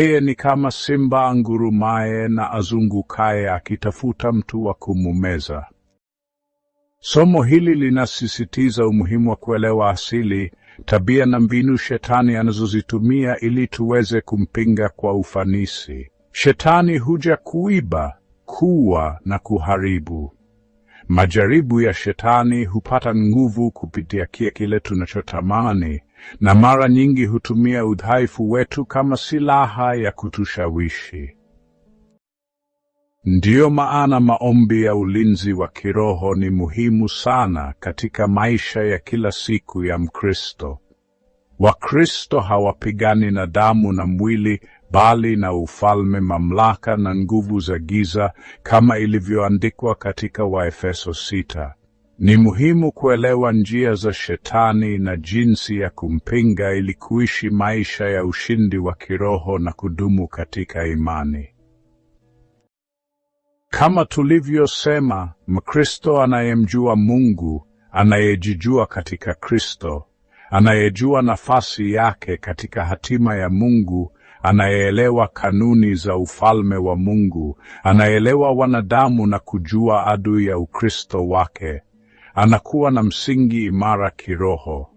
Yeye ni kama simba angurumaye na azungukaye akitafuta mtu wa kumumeza. Somo hili linasisitiza umuhimu wa kuelewa asili, tabia na mbinu shetani anazozitumia ili tuweze kumpinga kwa ufanisi. Shetani huja kuiba, kuua na kuharibu. Majaribu ya shetani hupata nguvu kupitia kile kile tunachotamani na mara nyingi hutumia udhaifu wetu kama silaha ya kutushawishi. Ndiyo maana maombi ya ulinzi wa kiroho ni muhimu sana katika maisha ya kila siku ya Mkristo. Wakristo hawapigani na damu na mwili, bali na ufalme, mamlaka na nguvu za giza, kama ilivyoandikwa katika Waefeso sita. Ni muhimu kuelewa njia za shetani na jinsi ya kumpinga ili kuishi maisha ya ushindi wa kiroho na kudumu katika imani. Kama tulivyosema, Mkristo anayemjua Mungu, anayejijua katika Kristo, anayejua nafasi yake katika hatima ya Mungu, anayeelewa kanuni za ufalme wa Mungu, anayeelewa wanadamu na kujua adui ya Ukristo wake anakuwa na msingi imara kiroho.